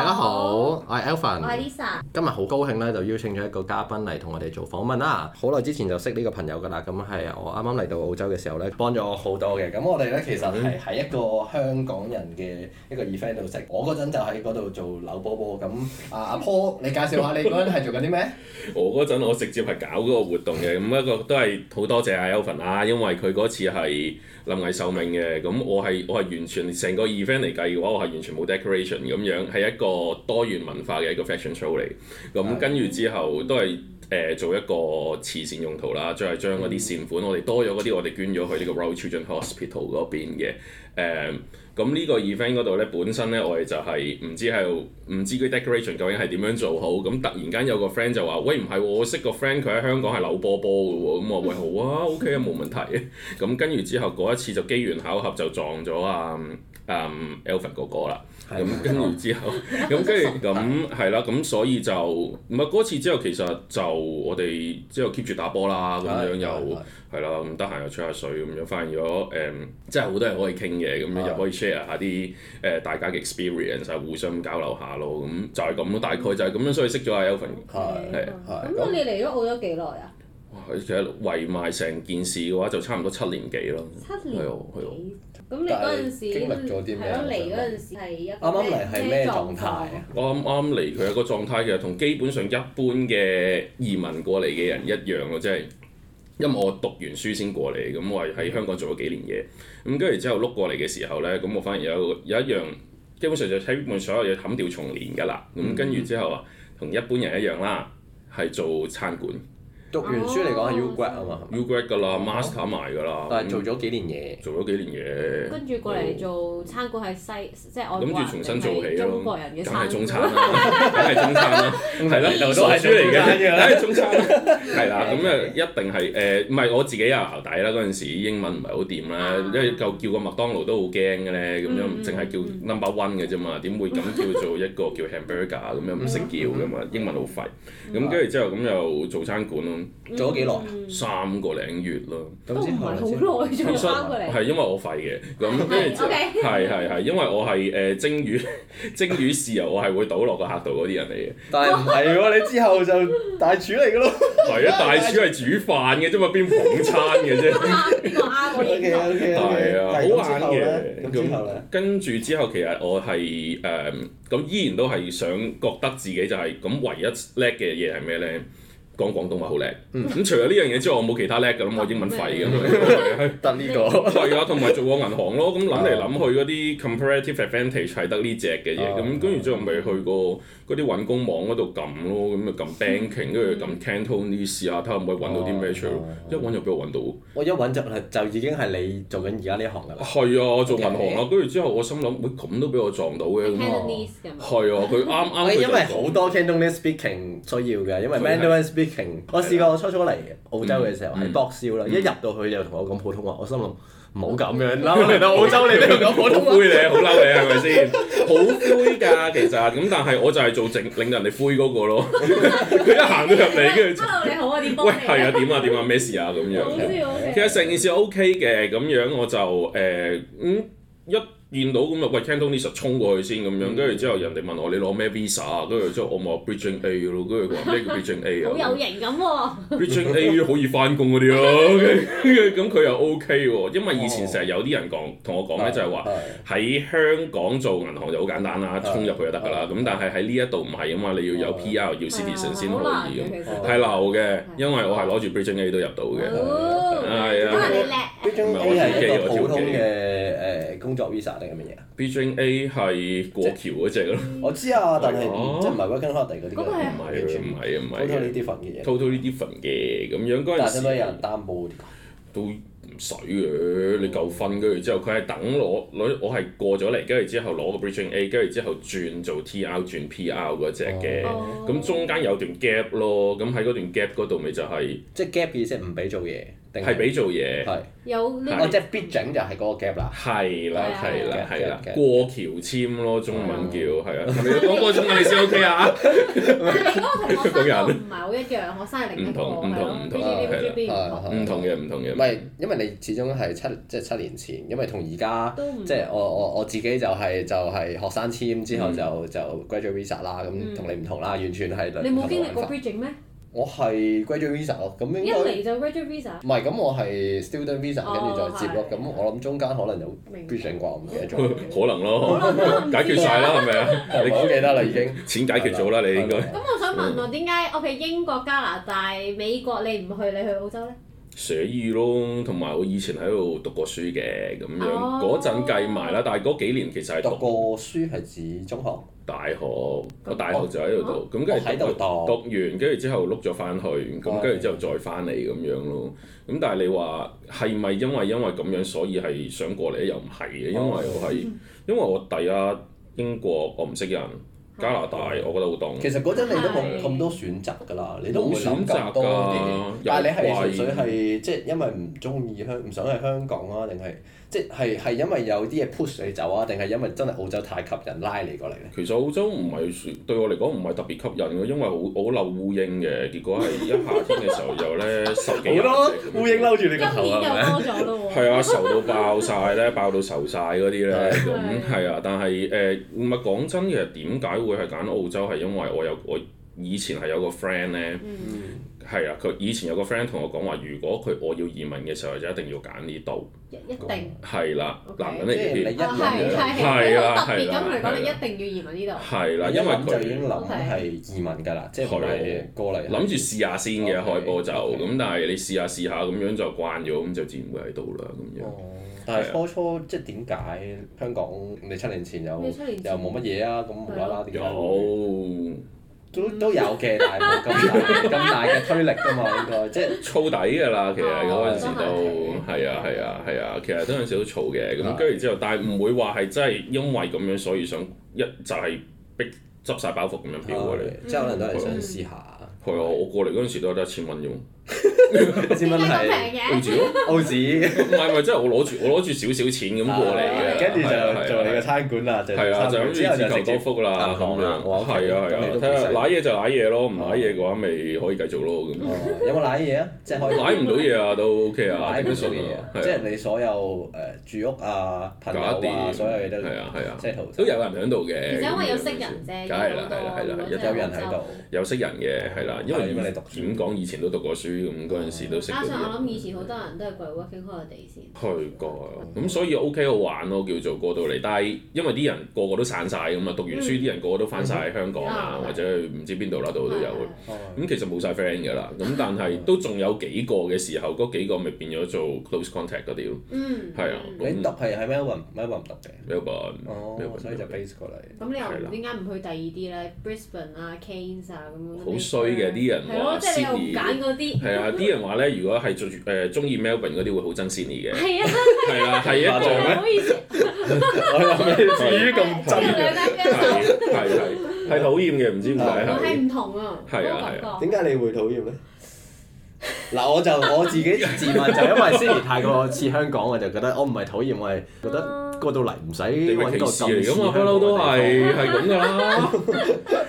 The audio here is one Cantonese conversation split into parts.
大家好。e l p h a 我係 Lisa。今日好高興咧，就邀請咗一個嘉賓嚟同我哋做訪問啦。好、啊、耐之前就識呢個朋友㗎啦，咁係我啱啱嚟到澳洲嘅時候咧， 幫咗我好多嘅。咁我哋咧其實係喺一個香港人嘅一個 event 度食。我嗰陣就喺嗰度做扭波波。咁阿阿 Paul，你介紹下你嗰陣係做緊啲咩？ 我嗰陣我直接係搞嗰個活動嘅。咁、那、一個都係好多謝阿 e l p n a 因為佢嗰次係臨危受命嘅。咁我係我係完全成個 event 嚟計嘅話，我係完全冇 decoration 咁樣，係一個多元文化。化嘅一個 fashion show 嚟，咁、嗯嗯、跟住之後都係誒、呃、做一個慈善用途啦，再係將嗰啲善款，嗯、我哋多咗嗰啲我哋捐咗去呢個 Royal Children Hospital 嗰邊嘅誒。咁、嗯、呢、嗯這個 event 嗰度咧，本身咧我哋就係唔知係唔知佢 decoration 究竟係點樣做好，咁、嗯、突然間有個 friend 就話：喂，唔係我識個 friend 佢喺香港係扭波波嘅喎，咁我話：喂，好啊，OK 啊，冇問題。咁、嗯嗯、跟住之後嗰一次就機緣巧合就撞咗阿誒 Alvin 嗰個啦。嗯嗯咁跟住之後，咁跟住咁係啦，咁所以就唔係嗰次之後，其實就我哋之後 keep 住打波啦，咁樣又係啦，咁得閒又吹下水咁樣，發現咗誒，即係好多人可以傾嘅，咁樣又可以 share 下啲誒大家嘅 experience，互相交流下咯，咁就係咁咯，大概就係咁樣，所以識咗阿 Elvin 係。咁你嚟咗澳洲幾耐啊？哇，其實圍埋成件事嘅話，就差唔多七年幾咯，七年幾。咁你嗰陣時，經歷咗啲咩嚟，嗰陣時係一啲咩狀態啊？啱啱嚟，佢有個狀態，其實同基本上一般嘅移民過嚟嘅人一樣喎，即係因為我讀完書先過嚟，咁我喺香港做咗幾年嘢，咁跟住之後碌過嚟嘅時候咧，咁我反而有有一樣基本上就基本所有嘢冚掉重練噶啦，咁跟住之後啊，同一般人一樣啦，係做餐館。讀完書嚟講係 U grad 啊嘛，U grad 㗎啦，master 埋㗎啦，但係做咗幾年嘢，做咗幾年嘢，跟住過嚟做餐館係西，即係我諗住重新做起咯，中國人嘅餐，梗係中餐啦，梗係中餐啦，係咯，又讀書嚟嘅，梗係中餐，係啦，咁誒一定係誒，唔係我自己又淆底啦，嗰陣時英文唔係好掂啦，因為就叫個麥當勞都好驚嘅咧，咁樣淨係叫 number one 嘅啫嘛，點會咁叫做一個叫 hamburger 咁樣唔識叫㗎嘛，英文好廢，咁跟住之後咁又做餐館咯。做咗幾耐？三個零月咯。都唔係好耐啫。其實係因為我廢嘅，咁跟住之後係係係，因為我係誒蒸魚蒸魚豉油，我係會倒落個客度嗰啲人嚟嘅。但係唔係喎，你之後就大廚嚟嘅咯。係啊，大廚係煮飯嘅啫嘛，邊捧餐嘅啫。啱係啊，好玩嘅。跟住之後，其實我係誒咁，依然都係想覺得自己就係咁，唯一叻嘅嘢係咩咧？講廣東話好叻，咁除咗呢樣嘢之外，我冇其他叻㗎，咁我英文廢㗎，得呢個係啊，同埋做過銀行咯，咁諗嚟諗去嗰啲 comparative advantage 係得呢隻嘅嘢，咁跟住之後咪去過嗰啲揾工網嗰度撳咯，咁咪撳 banking，跟住撳 Cantonese 試下睇可唔可以揾到啲咩出，一揾就俾我揾到。我一揾就係就已經係你做緊而家呢行㗎。係啊，我做銀行啊，跟住之後我心諗，喂，咁都俾我撞到嘅，咁啊，係啊，佢啱啱。因為好多 Cantonese speaking 需要㗎，因為 Mandarin speak。我試過初初嚟澳洲嘅時候係博士山啦，一入到去就同我講普通話，我心諗唔好咁樣啦，嚟到澳洲你都要講普通話嚟，好嬲你係咪先？好灰噶其實，咁但係我就係做整令人哋灰嗰個咯。佢一行到入嚟，跟住 hello 你好啊，啲波，喂係啊，點啊點啊咩事啊咁樣。其實成件事 O K 嘅，咁樣我就誒嗯一。見到咁啊，喂，Canton Visa 衝過去先咁樣，跟住之後人哋問我你攞咩 Visa 啊，跟住之後我咪話 Bridging A 咯，跟住佢話咩叫 Bridging A 啊，好有型咁喎。Bridging A 可以翻工嗰啲咯，咁佢又 OK 喎，因為以前成日有啲人講，同我講咧就係話喺香港做銀行就好簡單啦，衝入去就得㗎啦。咁但係喺呢一度唔係啊嘛，你要有 PR 要 Citizen 先可以咁，係流嘅，因為我係攞住 Bridging A 都入到嘅，係啊，Bridging A 係一工作 visa 定係乜嘢啊？Bridging A 係過橋嗰隻咯。我知啊，但係即係唔係 working holiday 嗰啲，唔係唔係啊，唔係啊！濤濤呢啲份嘅嘢。t t o a l 呢啲份嘅咁樣嗰陣，但係點解有人擔保都唔使嘅，你夠分住之後佢係等攞攞我係過咗嚟，跟住之後攞個 bridging A，跟住之後轉做 TR 轉 PR 嗰隻嘅。咁中間有段 gap 咯，咁喺嗰段 gap 嗰度咪就係。即係 gap 意思唔俾做嘢。係俾做嘢，有呢個我即係 bridging 就係嗰個 gap 啦，係啦，係啦，係啦，過橋簽咯，中文叫係啊，咁嗰個中文你先 OK 啊？你人唔係好一樣，學生係零零唔同唔同唔同，唔同嘅唔同嘅，唔係因為你始終係七即係七年前，因為同而家即係我我我自己就係就係學生簽之後就就 graduate visa 啦，咁同你唔同啦，完全係兩樣，你冇經歷過 bridging 咩？我係 graduate visa 咯，咁應該一嚟就 graduate visa。唔係，咁我係 student visa，跟住就接咯。咁我諗中間可能有 bridging 啩，唔記得咗，可能咯。解決晒啦，係咪啊？你唔記得啦，已經錢解決咗啦，你應該。咁我想問啊，點解我譬如英國、加拿大、美國你唔去，你去澳洲咧？寫意咯，同埋我以前喺度讀過書嘅咁樣嗰陣、oh. 計埋啦。但係嗰幾年其實係讀,讀過書係指中學、大學，我大學就喺度讀，咁跟住喺度讀讀完，跟住之後碌咗翻去，咁跟住之後再翻嚟咁樣咯。咁但係你話係咪因為因為咁樣所以係想過嚟？又唔係嘅，因為我係、oh. 因為我第一英國我唔識人。加拿大我覺得好凍。其實嗰陣你都冇咁多選擇㗎啦，的你都唔會諗咁多。但係你係是純粹係即係因為唔中意香唔想喺香港啊，定係？即係係因為有啲嘢 push 你走啊，定係因為真係澳洲太吸引拉你過嚟咧？其實澳洲唔係對我嚟講唔係特別吸引嘅，因為好我嬲烏蠅嘅，結果係一夏天嘅時候又咧十幾隻烏蠅撈住你個頭啦，係咪？係啊，愁到爆晒咧，爆到愁晒嗰啲咧，咁係啊，但係誒唔係講真嘅，點解會係揀澳洲係因為我有我有。我以前係有個 friend 咧，係啊，佢以前有個 friend 同我講話，如果佢我要移民嘅時候就一定要揀呢度，一定係啦。男人嚟㗎，你一係啦，係啦，係啦，嚟講，你一定要移民呢度。係啦，因為佢已經諗係移民㗎啦，即係過嚟諗住試下先嘅開波就咁，但係你試下試下咁樣就慣咗，咁就自然會喺度啦咁樣。但係初初即係點解香港你七年前有又冇乜嘢啊？咁無啦啦點解？都有嘅，但係冇咁大咁大嘅推力㗎嘛，應該即係儲底㗎啦。其實嗰陣時都係啊係啊係啊，其實嗰陣時都儲嘅。咁跟住之後，但係唔會話係真係因為咁樣，所以想一就係逼執晒包袱咁樣飄過嚟。即係可能都係想試下。係啊，我過嚟嗰陣時都係得一千蚊啫，一千蚊係澳紙，澳紙。唔係唔係，即係我攞住我攞住少少錢咁過嚟，跟住就。餐館啦，就之後就自求多福啦，係啊係啊，睇下攋嘢就攋嘢咯，唔攋嘢嘅話咪可以繼續咯咁。有冇攋嘢啊？即係可以攋唔到嘢啊，都 OK 啊，即係你所有誒住屋啊、朋友啊、所有嘢都係啊係啊，都有人響度嘅。因為有識人啫，梗係啦係啦係啦，一人喺度有識人嘅係啦，因為點講以前都讀過書咁，嗰陣時都識。加上我諗以前好多人都係過 working holiday 先。去過咁，所以 OK 好玩咯，叫做過到嚟，因為啲人個個都散晒，咁嘛，讀完書啲人個個都翻晒香港啊，或者去唔知邊度啦，度都有。咁其實冇晒 friend 嘅啦。咁但係都仲有幾個嘅時候，嗰幾個咪變咗做 close contact 嗰啲咯。嗯，係啊。你讀係係咩運咩運嘅？Melbourne。哦，所以就 base 過嚟。咁你又點解唔去第二啲咧？Brisbane 啊 Cairns 啊咁樣。好衰嘅啲人話。係咯，即揀嗰啲。係啊，啲人話咧，如果係最誒中意 Melbourne 嗰啲，會好憎 Sydney 嘅。係啊。係啊，係啊。個。唔好意思。係啊，至於咁憎嘅，係係係討厭嘅，唔知點解係唔同啊？係啊係啊，點解你會討厭咧？嗱，我就我自己自問就係因為 Siri 太過似香港，我就覺得我唔係討厭，我係覺得過到嚟唔使揾個事嚟咁啊，不嬲都係係咁噶啦，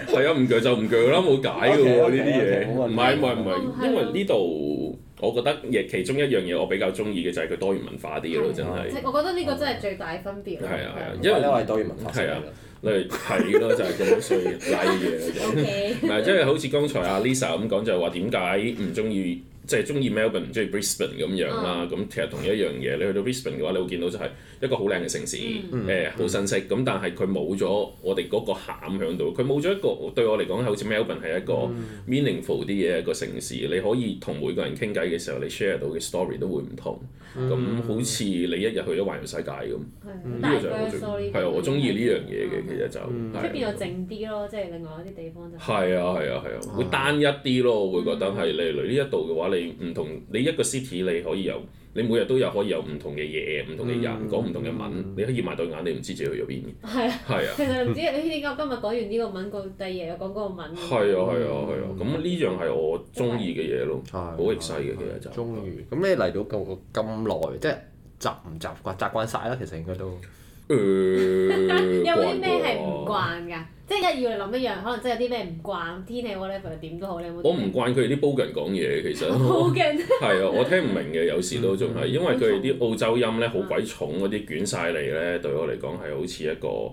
係啊，唔鋸就唔鋸啦，冇解㗎喎呢啲嘢，唔係唔係唔係，因為呢度。我覺得亦其中一樣嘢，我比較中意嘅就係佢多元文化啲嘅咯，真係。 我覺得呢個真係最大分別咯。係啊，係啊，因為咧話多元文化，係啊， 你係咯，就係咁所以賴嘢嘅啫。唔係，即係好似剛才阿 Lisa 咁講，就話點解唔中意，即係中意 Melbourne 唔中意 Brisbane 咁樣啦。咁 其實同一樣嘢，你去到 Brisbane 嘅話，你會見到就係。一個好靚嘅城市，誒好、mm hmm. 新鮮，咁但係佢冇咗我哋嗰個餡喺度，佢冇咗一個對我嚟講好似 Melbourne 係一個 meaningful 啲嘢。一個城市，mm. 你可以同每個人傾偈嘅時候，你 share 到嘅 story 都會唔同，咁好似你一日去咗環遊世界咁。係啊、mm. 樣，但係係啊，我中意呢樣嘢嘅，其實就出邊就靜啲咯，即、就、係、係、另外有啲地方就係、係、啊，係啊，係啊，啊，啊，會單，單一啲咯，我會覺得係你嚟呢一度嘅話，你唔同你一個 city 你可以有。你每日都有可以有唔同嘅嘢，唔同嘅人講唔同嘅文，你可以埋對眼，你唔知自己去咗邊嘅。係啊，係啊，其實唔知你呢今日講完呢個文，過第二日又講嗰個文。係啊係啊係啊，咁呢樣係我中意嘅嘢咯，好極細嘅其實就。中意。咁你嚟到咁咁耐，即係習唔習慣？習慣晒啦，其實應該都。誒。有啲咩係唔慣㗎？即係一要你諗一樣，可能真係有啲咩唔慣，天氣嗰 level 點都好，你有冇？我唔慣佢哋啲煲人講嘢，其實係啊，我聽唔明嘅有時都仲係，因為佢哋啲澳洲音咧好鬼重嗰啲捲晒嚟咧，對我嚟講係好似一個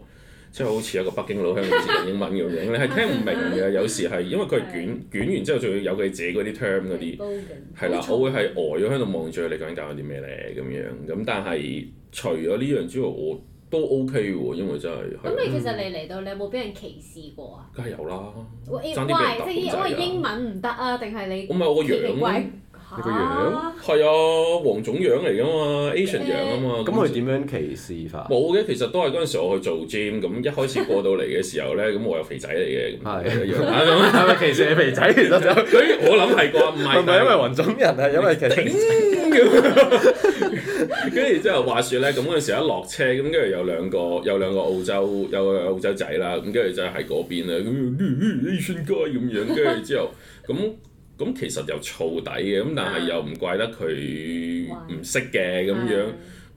即係好似一個北京老鄉嚟講英文咁樣你咧，聽唔明嘅有時係因為佢係捲捲完之後仲要有佢自己嗰啲 term 嗰啲係啦，我會係呆咗喺度望住你講緊啲咩咧咁樣，咁但係除咗呢樣之外，我都 OK 喎，因為真係。咁你其實你嚟到你有冇俾人歧視過啊？梗係有啦，爭啲俾人打骨折啦，我英文唔得啊，定係你？我唔係，我個樣。 你個樣係啊，黃種樣嚟噶嘛，Asian 樣啊嘛。咁佢點樣歧視法？冇嘅，其實都係嗰陣時我去做 gym 咁，一開始過到嚟嘅時候咧，咁我有肥仔嚟嘅。係啊，咁歧視你肥仔，其實就佢我諗係啩，唔係唔係因為黃種人，啊，因為其實。跟住之後話説咧，咁嗰陣時一落車，咁跟住有兩個有兩個澳洲有個澳洲仔啦，咁跟住就喺嗰邊啦，咁 Asian guy 咁樣，跟住之後咁。咁其實又燥底嘅，咁但係又唔怪得佢唔識嘅咁樣，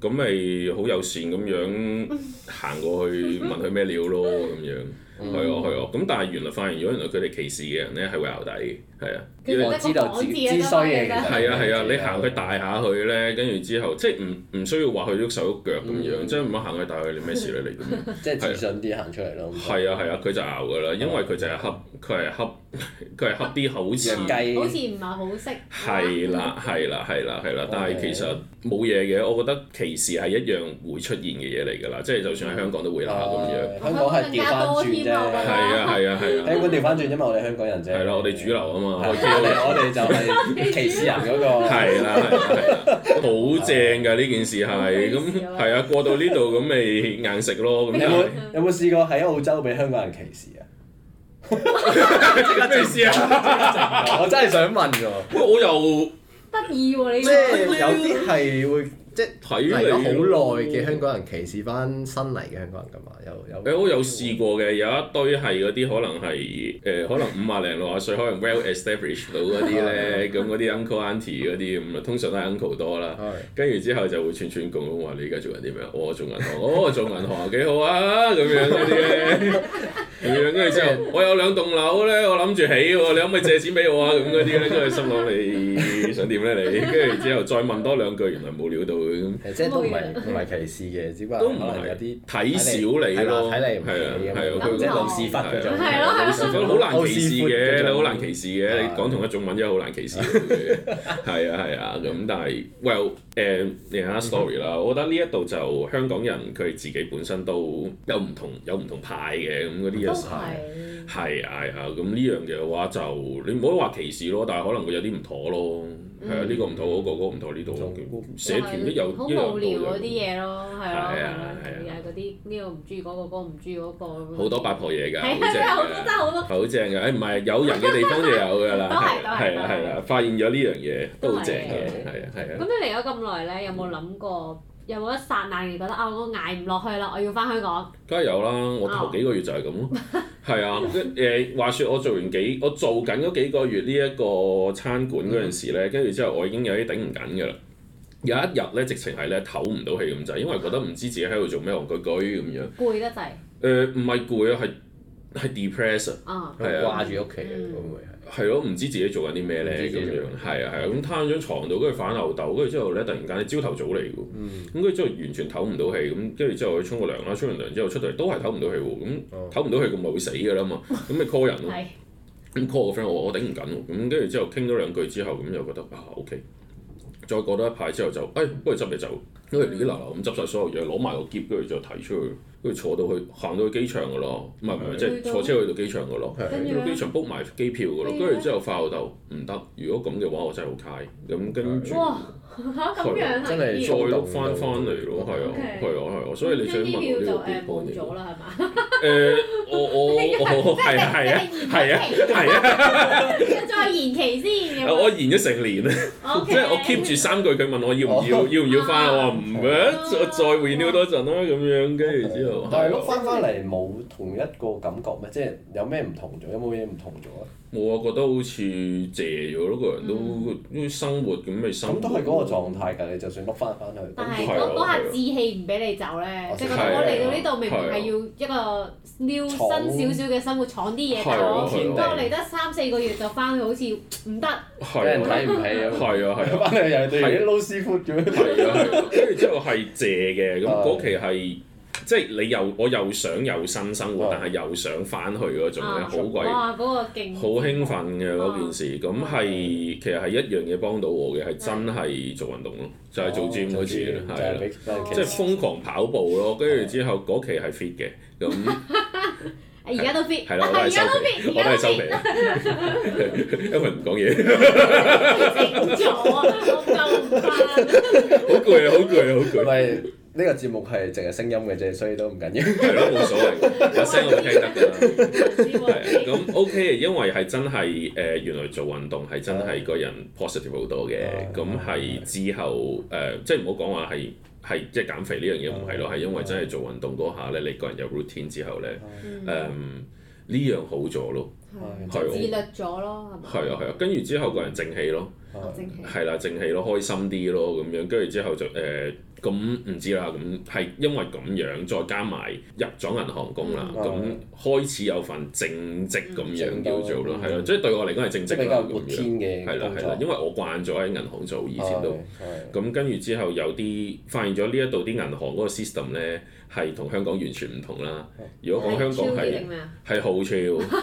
咁咪好友善咁樣行過去問佢咩料咯咁樣，係啊係啊，咁、啊、但係原來發現，如果原來佢哋歧視嘅人咧係會咬底。係啊，要你知道自自身嘢嘅，係啊係啊，你行佢大下去咧，跟住之後即係唔唔需要話佢喐手喐腳咁樣，即係唔好行佢大去你咩事咧嚟？即係自信啲行出嚟咯。係啊係啊，佢就拗㗎啦，因為佢就係恰佢係恰佢係恰啲口齒，好似唔係好識。係啦係啦係啦係啦，但係其實冇嘢嘅，我覺得歧視係一樣會出現嘅嘢嚟㗎啦，即係就算喺香港都會啦咁樣。香港係調翻轉啫，係啊係啊係啊，根本調翻轉啫嘛，我哋香港人啫。係啦，我哋主流啊嘛。 我哋就係歧視人嗰個。 係啦，係啦，好正㗎！呢件 事係咁，係啊，過到呢度咁咪硬食咯。有冇有冇試過喺澳洲俾香港人歧視啊？即刻試啊！我真係想問喎。喂、 欸，我又得意喎！你即係有啲係會。即係睇嚟好耐嘅香港人歧視翻新嚟嘅香港人㗎嘛，有有誒、欸、我有試過嘅，有一堆係嗰啲可能係誒、呃、可能五啊零六啊歲 可能 well established 到嗰啲咧， 咁嗰啲 uncle auntie 嗰啲咁啊，通常都係 uncle 多啦，跟住 之後就會串串共話你而家做緊啲咩？我做銀行，我做銀行幾好啊咁樣嗰啲嘅，咁樣跟住之後我有兩棟樓咧，我諗住起喎，你可唔可以借錢俾我啊？咁嗰啲咧，跟住心諗你，你想點咧你？跟住之後再問多兩句，原來冇料到。即係都唔係唔係歧視嘅，只不過可能有啲睇少你咯，睇嚟唔係你咁樣，即係同事發就。係咯係咯，好難歧視嘅，你好難歧視嘅。你講同一種文真係好難歧視嘅，係啊係啊。咁但係，Well 誒，another story 啦，我覺得呢一度就香港人佢自己本身都有唔同有唔同派嘅咁嗰啲嘢，係係啊係啊。咁呢樣嘅話就你唔好話歧視咯，但係可能會有啲唔妥咯。係啊，呢個唔妥，嗰個唔妥，呢度，社團都有好無聊啲嘢囉。係啊係啊係啊！又係啲呢個唔中意，嗰個嗰唔中意嗰個。好多八婆嘢㗎，係好多真係好多。係好正㗎，誒，唔係有人嘅地方就有㗎啦。係啊係啦，發現咗呢樣嘢都好正嘅，係啊係啊。咁你嚟咗咁耐咧，有冇諗過？有冇一剎那你覺得啊，我捱唔落去啦，我要翻香港。梗係有啦，我頭幾個月就係咁咯。係啊，跟誒、 啊、話説，我做完幾，我做緊嗰幾個月呢一個餐館嗰陣時咧，跟住、嗯、之後我已經有啲頂唔緊㗎啦。有一日咧，直情係咧唞唔到氣咁滯，因為覺得唔知自己喺度做咩，戇居居咁樣。攰得滯。誒、呃，唔係攰啊，係。係 depressed，係、oh, 啊，掛住屋企，咁咪係係咯，唔知，自己，知自己做緊啲咩咧咁樣，係啊係啊，咁攤喺張牀度，跟住反吽斗，跟住之後咧突然間你朝頭早嚟喎，咁跟住、嗯、之後完全唞唔到氣，咁跟住之後去沖個涼啦，沖完涼之後出嚟都係唞唔到氣喎，咁唞唔到氣咁咪會死㗎啦嘛，咁咪 call 人咯，咁 call 個 friend 我我頂唔緊喎，咁跟住之後傾咗兩句之後咁又覺得啊 ok，再過多一排之後就誒、哎、不如執你走，因為跟住嗱嗱咁執晒所有嘢，攞埋個喼，跟住就提出去，跟住坐到去，行到去機場嘅咯，唔係唔係，即係的坐車去到機場嘅咯，去機的場 book 埋機票嘅咯，跟住的之後發我就唔得，如果咁嘅話，我真係好嘆，咁跟住。的嚇咁樣真係再翻翻嚟咯，係啊，係啊，係啊，所以你想問呢啲嘢？啲票就誒 book 咗啦，係嘛？誒我我我係啊係啊係啊，係啊，再延期先。我延咗成年啊，即係我 keep 住三句，佢問我要唔要，要唔要翻？我話唔咩，再再 renew 多陣啦咁樣，跟住之後。但係如果翻翻嚟冇同一個感覺咩？即係有咩唔同咗？有冇嘢唔同咗？我啊覺得好似借咗咯，這個人都啲生活咁未收。咁都係嗰個狀態㗎，你就算碌翻翻去。但係嗰下志氣唔俾你走咧，即係我嚟到呢度明明係要一個 new 新少少嘅生活，闖啲嘢，但係我嚟得三四個月就翻去，好似唔得。人睇唔起係啊係啊！翻嚟又係啲老師傅咁樣。係啊，跟住之後係借嘅，咁嗰期係。笑 outro mor Var ro SOUND 即係你又，我又想有新生活，但係又想翻去嗰種咧，好鬼，好興奮嘅嗰件事。咁係其實係一樣嘢幫到我嘅，係真係做運動咯，就係做 gym 嗰次，係，即係瘋狂跑步咯。跟住之後嗰期係 fit 嘅咁。而家都 fit，係啦，我都係收皮，我都係收皮，因為唔講嘢。好攰啊！好攰啊！好攰。呢個節目係淨係聲音嘅啫，所以都唔緊要。係咯，冇所謂，把聲我都聽得㗎。係啊，咁 OK，因為係真係誒、呃，原來做運動係真係個人 positive 好多嘅。咁係之後誒、呃，即係唔好講話係係即係減肥呢樣嘢唔係咯，係、啊哎、因為真係做運動嗰下咧，你個人有 routine 之後咧，誒、呃、呢樣好咗咯。就自律咗咯，係咪？係啊係啊，跟住之後個人正氣咯，正氣係啦，正氣咯，開心啲咯咁樣，跟住之後就誒咁唔知啦咁，係因為咁樣，再加埋入咗銀行工啦，咁開始有份正職咁樣叫做咯，係咯，即係對我嚟講係正職啦咁樣，嘅係啦係啦，因為我慣咗喺銀行做，以前都咁，跟住之後有啲發現咗呢一度啲銀行嗰個 system 咧係同香港完全唔同啦。如果講香港係係好潮。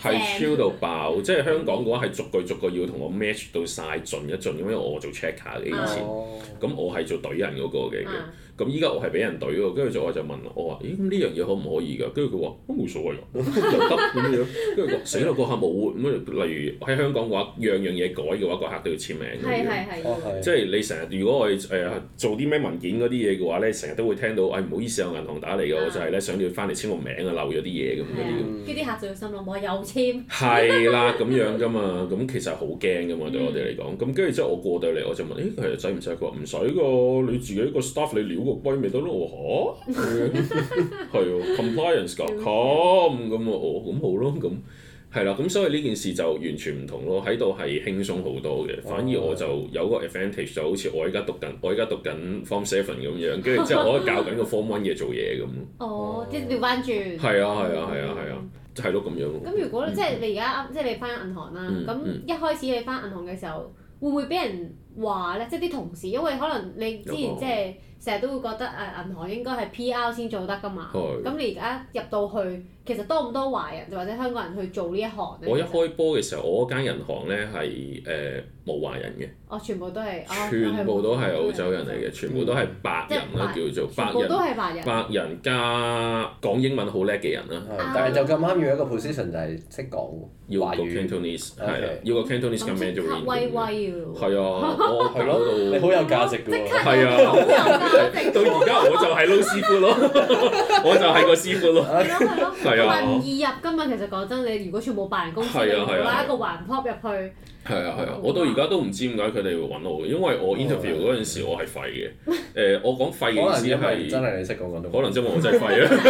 係超到爆，即係香港嘅話係逐個逐個要同我 match 到晒盡一盡咁樣。因為我做 check 嘅，oh. 以前咁我係做懟人嗰個嘅。Oh. 咁依家我係俾人懟喎，跟住就我就問我話：咦，咁呢樣嘢可唔可以㗎？跟住佢話：都冇所謂， 又得咁樣，樣， 樣。跟住話：死啦，個客冇活。咁例如喺香港嘅話，樣樣嘢改嘅話，個客都要簽名。即係你成日如果我、呃、做啲咩文件嗰啲嘢嘅話咧，成日都會聽到，喂、哎、唔好意思，有銀行打嚟嘅， 我就係咧想要翻嚟簽個名啊，漏咗啲嘢咁嗰啲。啲客就會心諗，我有簽。係啦，咁樣㗎嘛，咁其實好驚㗎嘛，對我哋嚟講。咁跟住之後我過到嚟，我就問：誒，使唔使？佢話唔使個，你自己個 staff 你個閨咪得咯嚇，係喎 compliance 咁咁喎，哦 咁樂、啊 啊、好咯咁係啦，咁所以呢件事就完全唔同咯，喺度係輕鬆好多嘅。反而我就有個 advantage 就好似我而家讀緊，我而家讀緊 form seven 咁樣，跟住之後我教緊個 form one 嘢做嘢咁。Oh, 哦，即係調翻轉。係啊係啊係啊係啊，係咯咁樣。咁如果、嗯、即係你而家即係你翻銀行啦，咁、嗯、一開始你翻銀行嘅時候，嗯、會唔會俾人話咧？即係啲同事，因為可能你之前即、就、係、是。嗯嗯成日都會覺得誒銀行應該係 P.R. 先做得㗎嘛，咁你而家入到去，其實多唔多華人或者香港人去做呢一行咧？我一開波嘅時候，我嗰間銀行咧係誒冇華人嘅。哦，全部都係。全部都係澳洲人嚟嘅，全部都係白人啦，叫做白人。都係白人。白人加講英文好叻嘅人啦，但係就咁啱要一個 position 就係識講華語，要個 Cantonese，係啊，要個 Cantonese 嘅 medium 威威喎。係啊，我喺嗰度，你好有價值㗎，係啊。到而家我就係老師傅咯，我就係個師傅咯，係咯係咯，係啊！民二入噶嘛，其實講真，你如果全部辦公室，你攞一個環 pop 入去，係啊係啊，我到而家都唔知點解佢哋會搵我嘅，因為我 interview 嗰陣時我係廢嘅，誒我講廢嘅意思係真係你識講廣東，可能因為我真係廢啊，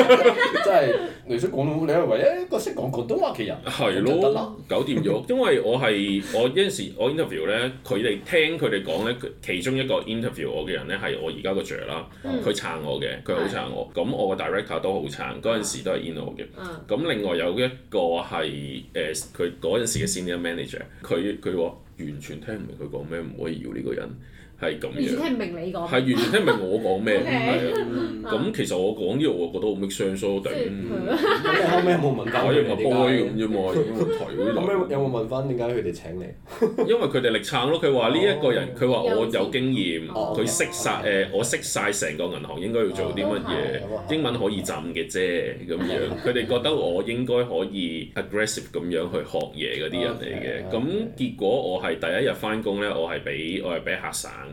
真係你識講，你係唯一個識講廣東話嘅人，係咯，搞掂咗，因為我係我有陣時我 interview 咧，佢哋聽佢哋講咧，其中一個 interview 我嘅人咧係我而家個。啦，佢撐、嗯、我嘅，佢好撐我。咁是的 我個 director 都好撐，嗰陣是的 時都係 in 我嘅。咁、嗯、另外有一個係誒，佢嗰陣時嘅 Senior Manager，佢佢話完全聽唔明佢講咩，唔可以要呢個人。係咁樣，完聽唔明你講。係完全聽唔明我講咩？啊，咁其實我講呢個我覺得好 mixing，所以我頂。後尾有冇問，因為播咁啫嘛，咁樣抬。咁咩有冇問翻點解佢哋請你？因為佢哋力撐咯，佢話呢一個人，佢話我有經驗，佢識晒，誒，我識晒成個銀行應該要做啲乜嘢，英文可以浸嘅啫咁樣。佢哋覺得我應該可以 aggressive 咁樣去學嘢嗰啲人嚟嘅。咁結果我係第一日翻工咧，我係俾我係俾客散。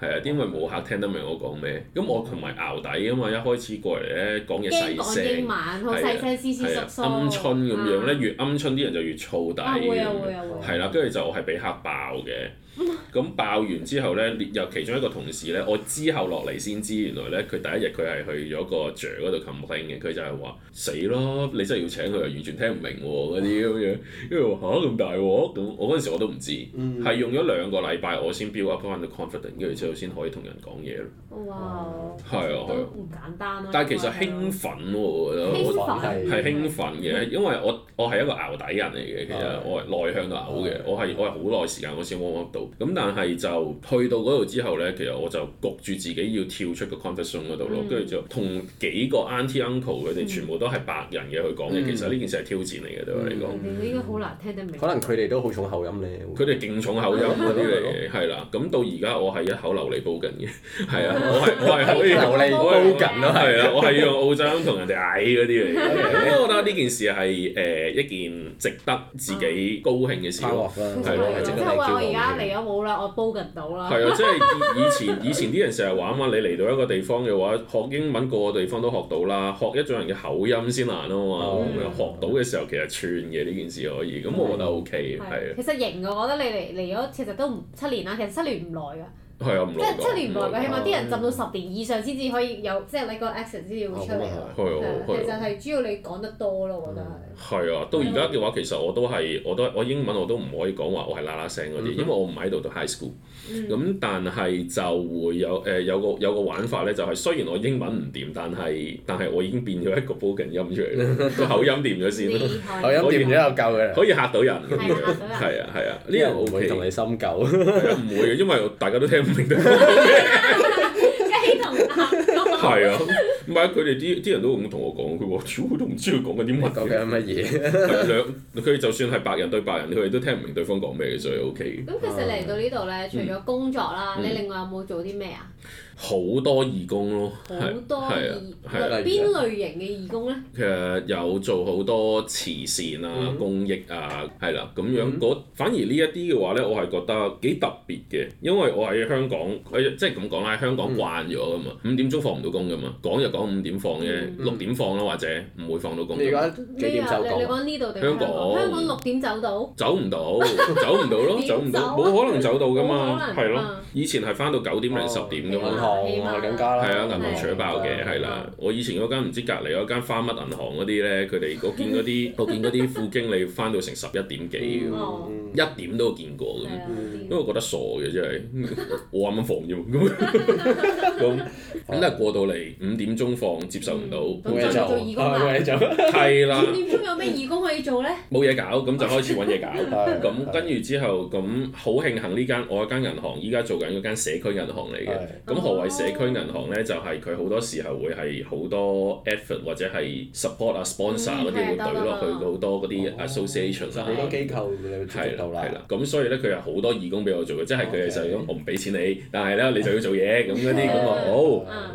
係啊， 因為冇客聽得明我講咩，咁我同埋熬底啊嘛，一開始過嚟咧講嘢細聲，講英文好細聲，斯斯縮縮。鵪鶉咁樣咧，越鵪鶉啲人就越燥底。啊、會啊、會啊、會係啦，跟住、啊、就我係俾客爆嘅。咁爆完之後咧，又其中一個同事咧，我之後落嚟先知，原來咧佢第一日佢係去咗個 Joe、er、嗰度 complain 嘅，佢就係話死啦，你真係要請佢又完全聽唔明喎嗰啲咁樣。跟住、啊、我嚇咁大喎，咁我嗰陣時我都唔知，係、嗯、用咗兩個禮拜我先 build up 翻到 confident，跟住之後先可以同人講嘢咯。哇！係啊係啊，唔簡單但係其實興奮喎、啊，我覺得係為我興奮嘅，因為我我係一個牛底人嚟嘅，其實我內向到嘔嘅，我係我係好耐時間我先 warm up 到，咁但但係就去到嗰度之後咧，其實我就焗住自己要跳出個 conversation 嗰度咯，跟住就同幾個 auntie uncle 佢哋全部都係白人嘅去講嘅，其實呢件事係挑戰嚟嘅對我嚟講。你應該好難聽得明。可能佢哋都好重口音咧。佢哋勁重口音嗰啲嚟嘅，係啦。咁到而家我係一口流利煲緊嘅，係啊，我係我係口流利煲緊啦，係啊，我係用澳洲音同人哋嗌嗰啲嚟。我覺得呢件事係誒一件值得自己高興嘅事。差值得你叫我我煲緊到啦。係啊， 即係以前以前啲人成日玩啊。 你嚟到一個地方嘅話，學英文個個地方都學到啦。學一種人嘅口音先難啊嘛。學到嘅時候、嗯、其實串嘅呢件事可以，咁我覺得 OK 係。其實型，我覺得你嚟嚟咗其實都唔七年啦，其實七年唔耐噶。係啊，唔即係七年來咪，起碼啲人浸到十年以上先至可以有，即係你個 accent 先至會出嚟。係啊，其實係主要你講得多咯，我覺得係。係啊，到而家嘅話，其實我都係，我都我英文我都唔可以講話，我係啦啦聲嗰啲，因為我唔喺度讀 high school。咁但係就會有誒有個有個玩法咧，就係雖然我英文唔掂，但係但係我已經變咗一個 broken 音出嚟，個口音掂咗先啦。口音掂咗就夠嘅，可以嚇到人。係啊係啊，呢樣我唔會同你深究，唔會嘅，因為大家都聽。唔明嘅，係 達 啊，唔係佢哋啲啲人都會咁同我講佢話，我都唔知佢講緊啲乜究竟係乜嘢？兩佢 就算係白人對白人，佢哋都聽唔明對方講咩，所以 O K 嘅。咁其實嚟到呢度咧，除咗工作啦，你另外有冇做啲咩啊？好多義工咯，好多義，邊類型嘅義工咧？其實有做好多慈善啊、公益啊，係啦咁樣。我反而呢一啲嘅話咧，我係覺得幾特別嘅，因為我喺香港，即係咁講啦，喺香港慣咗噶嘛，五點鐘放唔到工噶嘛，講就講五點放嘅，六點放啦或者唔會放到工。你而家幾點收工？香港六點走到？走唔到，走唔到咯，走唔到，冇可能走到噶嘛，係咯。以前係翻到九點零十點噶嘛。銀行啊，更加係啊，銀行取爆嘅，係啦。我以前嗰間唔知隔離嗰間花乜銀行嗰啲咧，佢哋我見嗰啲，我見啲副經理翻到成十一點幾，一點都見過咁，因為我覺得傻嘅真係，我啱啱放啫嘛，咁咁都係過到嚟五點鐘放，接受唔到冇嘢做，係啦。五點鐘有咩義工可以做咧？冇嘢搞，咁就開始揾嘢搞。咁跟住之後，咁好慶幸呢間我一間銀行，依家做緊嗰間社區銀行嚟嘅，咁作為社區銀行咧，就係佢好多時候會係好多 effort 或者係 support 啊 sponsor 嗰啲會隊落去好多嗰啲 association 好多機構，佢哋係啦，係啦。咁所以咧，佢有好多義工俾我做嘅，即係佢就咁，我唔俾錢你，但係咧你就要做嘢。咁嗰啲咁啊好，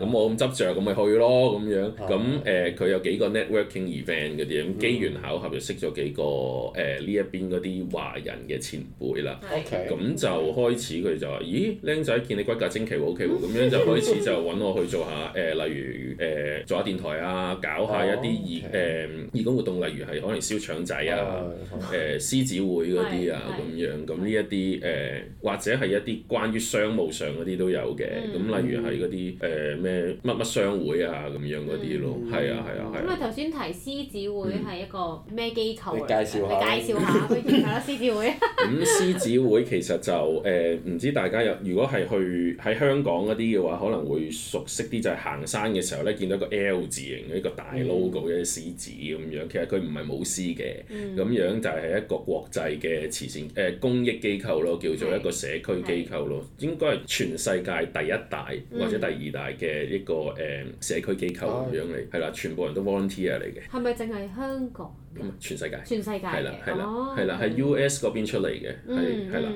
咁我咁執着，咁咪去咯咁樣。咁誒，佢有幾個 networking event 嗰啲，咁機緣巧合就識咗幾個誒呢一邊嗰啲華人嘅前輩啦。咁就開始佢就話：咦，僆仔見你骨骼精奇喎，OK 喎。咁樣 就開始就揾我去做下誒、呃，例如誒、呃、做下電台啊，搞下一啲義誒義工活動，例如係可能燒腸仔啊，誒獅、oh, okay. 呃、子會嗰啲啊咁 樣，咁呢一啲誒或者係一啲關於商務上嗰啲都有嘅，咁、嗯嗯、例如係嗰啲誒咩乜乜商會啊咁樣嗰啲咯，係、嗯、啊係啊係。咁你頭先提獅子會係一個咩機構介紹下？介紹下嗰啦獅子會，咁 獅、嗯、子會其實就誒唔、呃、知大家有如果係去喺香港嗰啲。話可能會熟悉啲，就係、是、行山嘅時候咧，見到一個 L 字形嘅一個大 logo 嘅 C 字咁樣。其實佢唔係冇 C 嘅，咁、嗯、樣就係一個國際嘅慈善誒、呃、公益機構咯，叫做一個社區機構咯。嗯、應該係全世界第一大或者第二大嘅一個誒、呃、社區機構咁樣嚟。係、嗯、啦，全部人都 volunteer 嚟嘅。係咪淨係香港？全世界，全世界，係啦，係啦，係啦，喺 U.S. 嗰邊出嚟嘅，係係啦，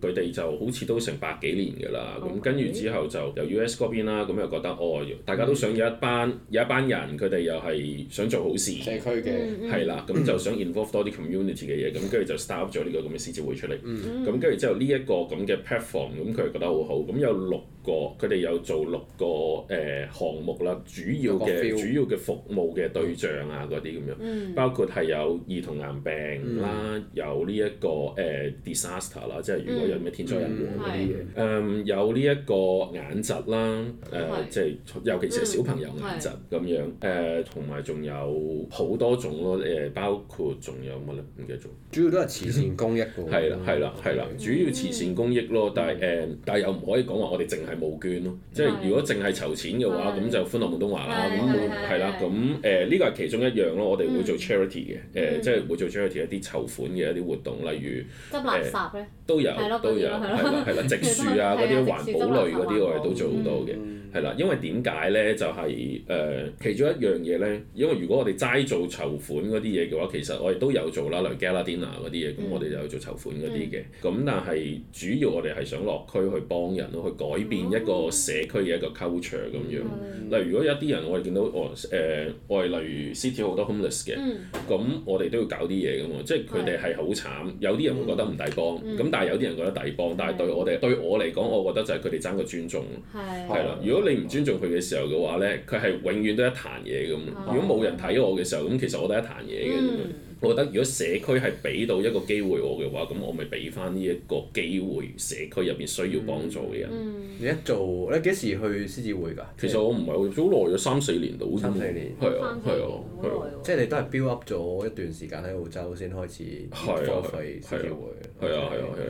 佢哋就好似都成百幾年㗎啦，咁跟住之後就由 U.S. 嗰邊啦，咁又覺得哦，大家都想有一班有一班人，佢哋又係想做好事，社區嘅，係啦，咁就想 involve 多啲 community 嘅嘢，咁跟住就 start 咗呢個咁嘅獅子會出嚟，咁跟住之後呢一個咁嘅 platform，咁佢係覺得好好，咁有六個佢哋有做六個誒項目啦，主要嘅主要嘅服務嘅對象啊，嗰啲咁樣，包括係有兒童癌病啦，有呢一個誒 disaster 啦，即係如果有咩天災人禍嗰啲嘢，誒有呢一個眼疾啦，誒即係尤其係小朋友眼疾咁樣，誒同埋仲有好多種咯，誒包括仲有乜咧唔記得咗。主要都係慈善公益㗎。係啦，係啦，係啦，主要慈善公益咯，但係誒但係又唔可以講話我哋淨係。係募捐咯，即係如果淨係籌錢嘅話，咁就歡樂滿東華啦，咁係啦，咁誒呢個係其中一樣咯。我哋會做 charity 嘅，誒即係會做 charity 一啲籌款嘅一啲活動，例如執垃圾咧，都有都有係啦，植樹啊嗰啲環保類嗰啲我哋都做好多嘅，係啦，因為點解咧就係誒其中一樣嘢咧，因為如果我哋齋做籌款嗰啲嘢嘅話，其實我哋都有做啦，例如 gala dinner 嗰啲嘢，咁我哋就去做籌款嗰啲嘅，咁但係主要我哋係想落區去幫人咯，去改變。一個社區嘅一個 culture 咁樣，的例如如果有一啲人，我哋見到我誒外，呃、我例如 City 好多 homeless 嘅，咁、嗯、我哋都要搞啲嘢嘅嘛，即係佢哋係好慘，的有啲人會覺得唔抵幫，咁、嗯、但係有啲人覺得抵幫，的但係對我哋對我嚟講，我覺得就係佢哋爭個尊重咯，啦的，如果你唔尊重佢嘅時候嘅話咧，佢係永遠都一壇嘢咁。的如果冇人睇我嘅時候，咁其實我都一壇嘢嘅。嗯我覺得如果社區係俾到一個機會我嘅話，咁我咪俾翻呢一個機會社區入邊需要幫助嘅人。嗯嗯、你一做，你幾時去獅子會㗎？其實,其實我唔係，好早耐咗三四年到。三四年。係啊，係啊，係啊。即係你都係 build up 咗一段時間喺澳洲先開始，入夥費係啊，係啊，係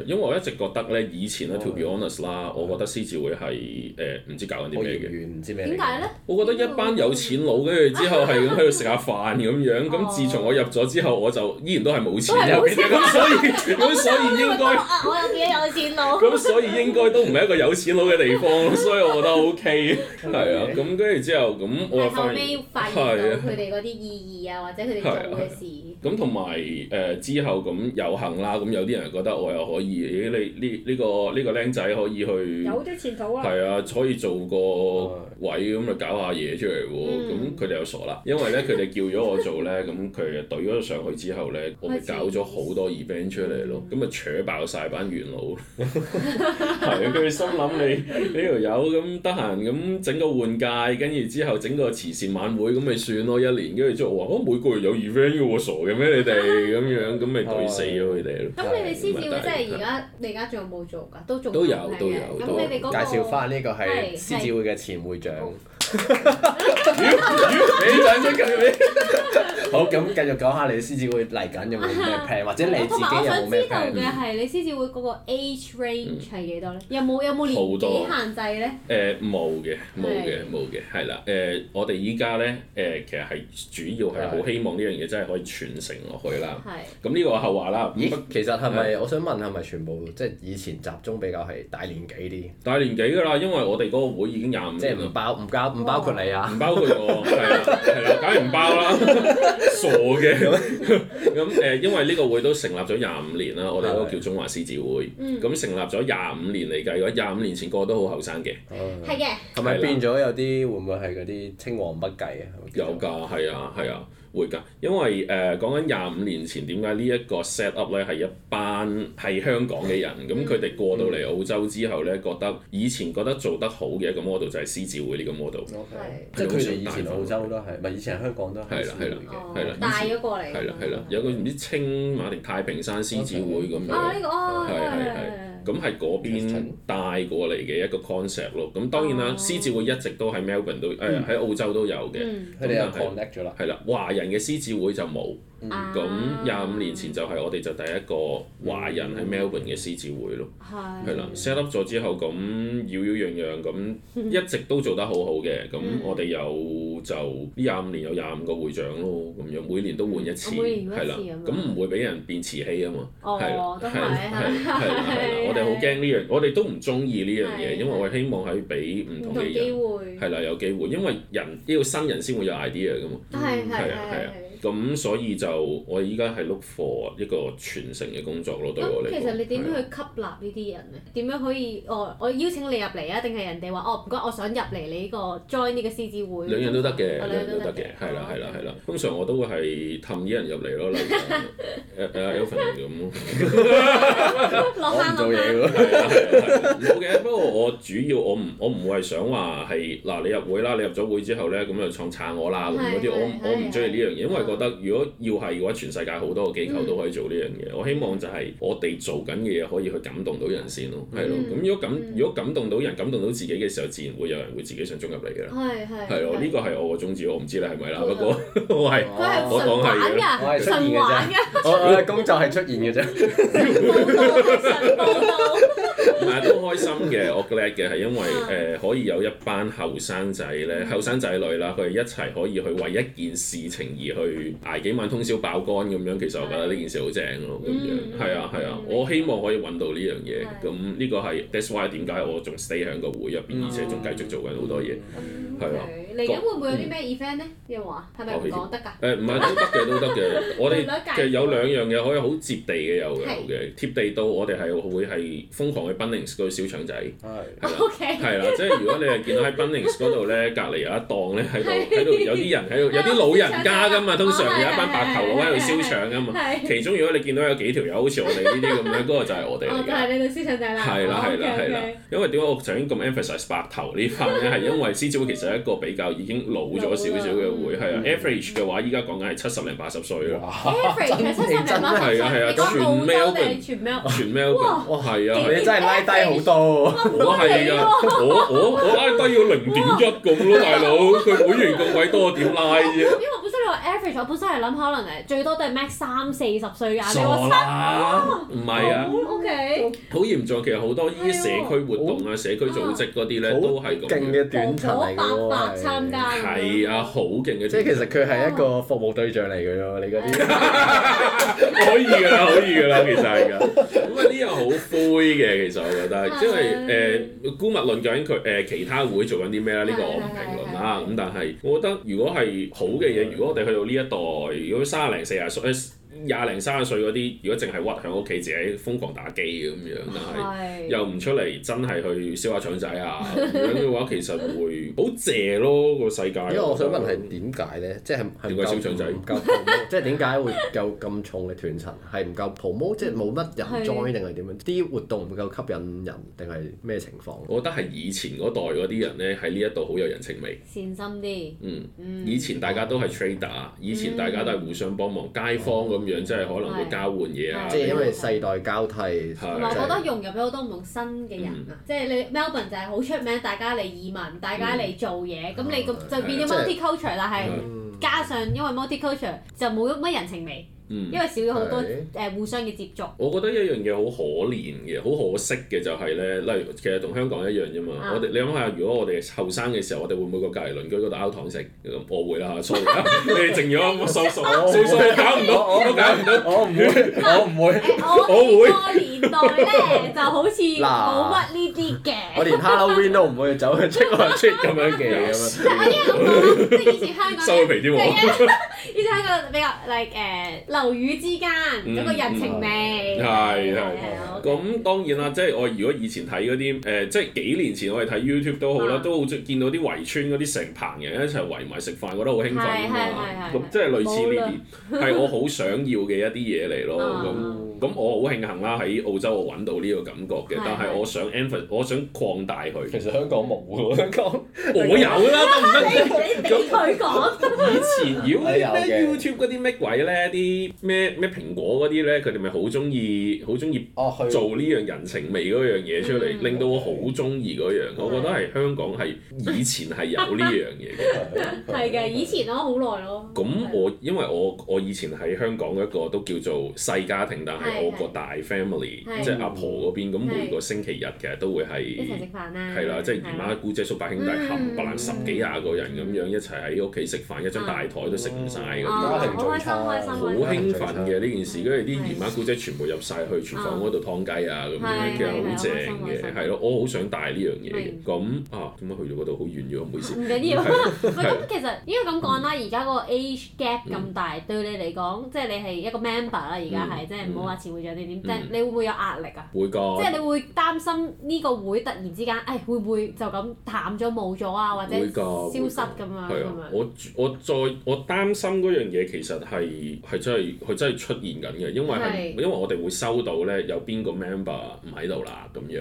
啊，因為我一直覺得咧，以前咧，to be honest 啦，我覺得獅子會係誒唔知搞緊啲咩嘅，唔知咩。點解咧？我覺得一班有錢佬跟住之後係咁喺度食下飯咁樣。咁自從我入咗之後，我就依然都係冇錢入嘅。咁所以，咁所以應該。我有嘢有錢佬。咁所以應該都唔係一個有錢佬嘅地方，所以我覺得 OK。係啊，咁跟住之後，咁我發現。係啊，佢哋嗰啲意義啊，或者佢哋做嘅咁同埋誒之後咁有幸啦，咁有啲人覺得我又可以，咦？你呢呢個呢個僆仔可以去有啲前途啊！係啊，可以做個位咁啊，搞下嘢出嚟喎。咁佢哋又傻啦，因為咧佢哋叫咗我做咧，咁佢哋懟咗上去之後咧，我咪搞咗好多 event 出嚟咯，咁啊扯爆晒班元老。係啊，佢哋心諗你呢條友咁得閒咁整個換屆，跟住之後整個慈善晚會，咁咪算咯一年。跟住之後我話：哦，每個月有 event 嘅喎，傻嘅！咁咩你哋咁樣，咁咪隊死咗佢哋咯？咁、哦、你哋獅子會真係而家，而家仲有冇做㗎？都做，都有，都有。咁你哋嗰、嗰個、介紹返呢個係獅子會嘅前會長。好咁，繼續講下你獅子會嚟緊有冇咩 plan，或者你自己有冇咩 plan？係你獅子會嗰個 age range 係幾多咧？有冇有冇年紀限制咧？誒冇嘅，冇嘅，冇嘅，係啦。誒我哋依家咧，誒其實係主要係好希望呢樣嘢真係可以傳承落去啦。係。咁呢個後話啦。咦，其實係咪我想問係咪全部即係以前集中比較係大年紀啲？大年紀㗎啦，因為我哋嗰個會已經廿五。即係唔包唔交。唔包括你啊！唔包括我，係啊係啊，梗係唔包啦，傻嘅咁誒， 因為呢個會都成立咗廿五年啦，我哋嗰個叫中華獅子會，咁的、嗯、成立咗廿五年嚟計，廿五年前個個都好後生嘅，係嘅的，係咪變咗有啲會唔會係嗰啲青黃不接啊？有㗎的，係啊的，係啊。會㗎，因為誒講緊廿五年前點解呢一個 set up 咧，係一班係香港嘅人，咁佢哋過到嚟澳洲之後咧，覺得以前覺得做得好嘅一個 model 就係獅子會呢個 model，即係佢哋以前澳洲都係，唔係以前香港都係，係啦係啦，係啦買咗過嚟，係啦係啦，有個唔知青馬定太平山獅子會咁樣，係係係。咁係嗰邊帶過嚟嘅一個 concept 咯。咁當然啦，獅子會一直都喺 Melbourne 都誒喺澳洲都有嘅。佢哋 connect 咗啦。係啦，華人嘅獅子會就冇。咁廿五年前就係我哋就第一個華人喺 Melbourne 嘅獅子會咯。係。係啦，set up 咗之後，咁妖妖樣樣咁一直都做得好好嘅。咁我哋有就呢廿五年有廿五個會長咯。咁樣每年都換一次。係啦。咁唔會俾人變慈禧啊嘛。哦，都係。係係係。我哋好驚呢樣，我哋都唔中意呢樣嘢，因為我哋希望係俾唔同嘅人，係啦，有機會，因為人呢個新人先會有 idea 㗎嘛，係 啊，係啊，係 啊樂。嗯。咁所以就我依家係 look for 一個傳承嘅工作咯，對我嚟講。其實你點樣去吸納呢啲人咧？點樣可以哦？我邀請你入嚟啊，定係人哋話哦唔該，我想入嚟你呢個 join 呢個獅子會。兩樣都得嘅，兩樣都得嘅，係啦係啦係啦。通常我都會係氹啲人入嚟咯，例如誒誒歐文咁咯。落班落班。冇嘅，不過我主要我唔我唔會係想話係嗱你入會啦，你入咗會之後咧咁就想撐我啦嗰啲，我我唔中意呢樣嘢，因為。覺得如果要係嘅話，全世界好多個機構都可以做呢樣嘢。我希望就係我哋做緊嘅嘢可以去感動到人先咯，係咯。咁如果感如果感動到人，感動到自己嘅時候，自然會有人會自己想進入嚟嘅啦。係係。係我呢個係我個宗旨，我唔知咧係咪啦。不過我係，我講係出現嘅，出現嘅。我嘅工作係出現嘅啫。誒都開心嘅，我 glad 嘅係因為誒可以有一班後生仔咧，後生仔女啦，佢哋一齊可以去為一件事情而去挨幾晚通宵爆肝咁樣，其實我覺得呢件事好正咯，咁樣係啊，係啊，我希望可以揾到呢樣嘢，咁呢個係 that's why 點解我仲 stay 喺個會入邊，而且仲繼續做緊好多嘢，係啊。嚟緊會唔會有啲咩 event 咧？有冇啊？係咪唔講得㗎？唔係，都得嘅都得嘅，我哋其實有兩樣嘢可以好接地嘅又有嘅，貼地到我哋係會係瘋狂。Bunnings 嗰度燒腸仔，係係啦，係啦，即係如果你係見到喺 Bunnings 嗰度咧，隔離有一檔咧，喺度喺度，有啲人喺度，有啲老人家噶嘛，通常有一班白頭佬喺度燒腸噶嘛。其中如果你見到有幾條友好似我哋呢啲咁樣，嗰個就係我哋嚟嘅。就係你啦。係啦，係啦，係啦，因為點解我曾經咁 emphasize 白頭呢班咧？係因為獅子會其實一個比較已經老咗少少嘅會，係啊。Average 嘅話，依家講緊係七十零八十歲啦。Average 係七十零八十歲，係啊，全 male 嘅，全 male，哇，係啊，係真。拉低好多， 我係噶、啊， 我我我拉低到零點一咁咯，大佬，佢會員咁鬼多，點拉啫？我本身係諗可能誒最多都係 Max 三四十歲㗎，你話唔係啊？O K，好嚴重。其實好多依啲社區活動啊、社區組織嗰啲咧，都係咁好白癟參加㗎。係啊，好勁嘅，即係其實佢係一個服務對象嚟嘅。啫你嗰啲可以㗎啦，可以㗎啦，其實係㗎。咁啊，啲嘢好灰嘅，其實我覺得，即係誒姑勿論究竟佢誒其他會做緊啲咩啦？呢個我唔評論啦。咁但係我覺得如果係好嘅嘢，如果我哋去到呢一代如果三啊零四啊歲。廿零三十歲嗰啲，如果淨係屈喺屋企自己瘋狂打機咁樣，但係又唔出嚟真係去燒下腸仔啊咁 樣嘅話，其實會好謝咯個世界。因為我想問係點解咧？即係係夠唔夠？即係點解會夠咁重嘅斷層？係唔夠 promote 即係冇乜人 join 定係點樣？啲 活動唔夠吸引人定係咩情況？我覺得係以前嗰代嗰啲人咧，喺呢一度好有人情味，善心啲。嗯，以前大家都係 trader，以前大家都係互相幫忙，街坊咁、嗯。即真係可能會交換嘢，即係因為世代交替，同埋我覺得融入咗好多唔同新嘅人啊！嗯、即係你 Melbourne 就係好出名，大家嚟移民，嗯、大家嚟做嘢，咁、嗯、你咁的就變咗 multicultural，但加上因為 multicultural 就冇乜人情味。嗯，因為少咗好多誒的、呃、互相嘅接觸。我覺得一樣嘢好可憐嘅，好可惜嘅就係咧，例如其實同香港一樣啫嘛。啊、我哋你諗下，如果我哋後生嘅時候，我哋會唔會個隔籬鄰居嗰度拗糖食？我會啦嚇，掃 你哋淨咗，掃掃掃掃搞唔到，搞唔到，我唔會， 我會。 我 內咧就好似冇乜呢啲嘅，我連 Halloween 都唔會走去 check p 咁樣嘅咁啊！即咁多，即係以前香港，即係以前香港比較 like 樓宇之間嗰個人情味，係，係咁當然啦，即係我如果以前睇嗰啲誒，即係幾年前我哋睇 YouTube 都好啦，都好見到啲圍村嗰啲成棚人一齊圍埋食飯，覺得好興奮啊！咁即係類似呢啲係我好想要嘅一啲嘢嚟咯。咁咁我好慶幸啦喺澳洲我揾到呢個感覺嘅，但係我想我想擴大佢。其實香港冇啊，香港我有啦。得得？唔咁佢講，以前如果咩 YouTube 嗰啲乜鬼咧，啲咩咩蘋果嗰啲咧，佢哋咪好中意，好中意做呢樣人情味嗰樣嘢出嚟，令到我好中意嗰樣。我覺得係香港係以前係有呢樣嘢嘅。係嘅，以前咯，好耐咯。咁我因為我我以前喺香港一個都叫做細家庭，但係我個大 family。即係阿婆嗰邊，咁每個星期日其實都會係一齊食飯啦。係啦，即係姨媽姑姐叔伯兄弟冚唪唥十幾廿個人咁樣一齊喺屋企食飯，一張大台都食唔晒嘅。家庭聚餐，好興奮嘅呢件事，跟住啲姨媽姑姐全部入晒去廚房嗰度劏雞啊咁樣，其實好正嘅。係咯，我好想帶呢樣嘢嘅。咁啊，點解去到嗰度好遠咗？每次唔緊要，係咁其實應該咁講啦。而家嗰個 age gap 咁大，對你嚟講，即係你係一個 member 啦。而家係即係唔好話前會長啲點，即你會有壓力啊！會㗎，即係你會擔心呢個會突然之間，誒會唔會就咁淡咗冇咗啊，或者消失咁啊的樣？我我再我擔心嗰樣嘢，其實係係真係佢真係出現緊嘅，因為係的因為我哋會收到咧有邊個 member 唔喺度啦咁樣。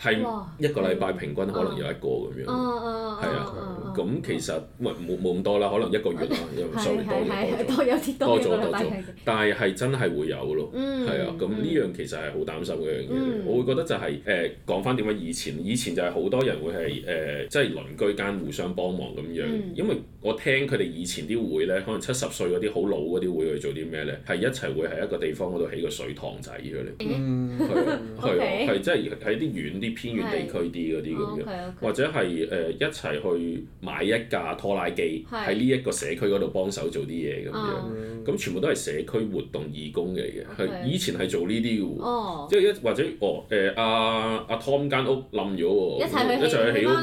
係一個禮拜平均可能有一個咁樣，係啊，咁其實冇冇咁多啦，可能一個月啦，因為上多咗多咗多咗，但係係真係會有咯，係啊，咁呢樣其實係好擔心嘅樣嘢，我會覺得就係誒講翻點解以前以前就係好多人會係誒即係鄰居間互相幫忙咁樣，因為我聽佢哋以前啲會咧，可能七十歲嗰啲好老嗰啲會去做啲咩咧？係一齊會喺一個地方嗰度起個水塘仔嗰啲，係啊係啊係即係喺啲遠。啲偏遠地區啲嗰啲咁樣，或者係誒一齊去買一架拖拉機，喺呢一個社區嗰度幫手做啲嘢咁樣，咁全部都係社區活動義工嚟嘅，係以前係做呢啲嘅喎，即係一或者哦誒阿阿 Tom 間屋冧咗，一齊去起屋啦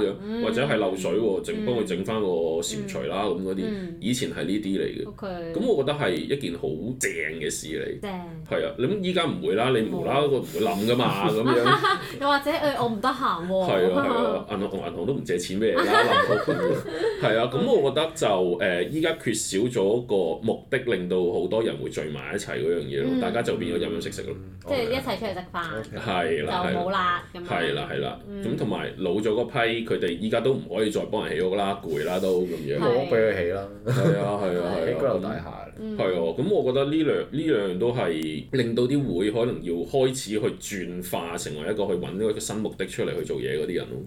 咁樣，或者係漏水喎，整幫佢整翻個小除啦咁嗰啲，以前係呢啲嚟嘅，咁我覺得係一件好正嘅事嚟，正係啊，你咁依家唔會啦，你無啦啦個唔會冧噶嘛咁樣。又或者誒，我唔得閒喎。係啊係啊，銀行同銀行都唔借錢畀你啦。係啊，咁我覺得就誒，依家缺少咗個目的，令到好多人會聚埋一齊嗰樣嘢咯。大家就變咗飲飲食食咯。即係一齊出嚟食飯。係啦，係啦。就係啦，係啦。咁同埋老咗嗰批，佢哋依家都唔可以再幫人起屋啦，攰啦都咁樣。屋俾佢起啦。係啊，係啊，係啊。起高樓大廈。係喎。咁我覺得呢兩呢兩樣都係令到啲會可能要開始去轉化，成為一個去咁呢個新目的出嚟去做嘢嗰啲人咯，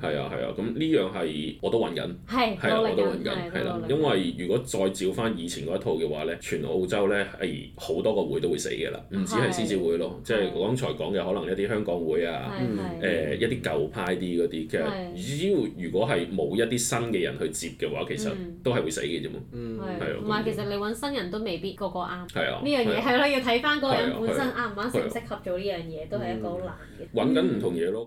係啊，係啊，咁呢樣係我都揾緊，係啊我都揾緊，係啦，因為如果再照翻以前嗰一套嘅話咧，全澳洲咧係好多個會都會死嘅啦，唔止係獅子會咯，即係我剛才講嘅可能一啲香港會啊，誒一啲舊派啲嗰啲，其實只要如果係冇一啲新嘅人去接嘅話，其實都係會死嘅啫，嘛，係咯，同埋其實你揾新人都未必個個啱，係啊，呢樣嘢係咯，要睇翻嗰個人本身啱唔啱，適唔適合做呢樣嘢，都係一個好難。揾緊唔同嘢囉。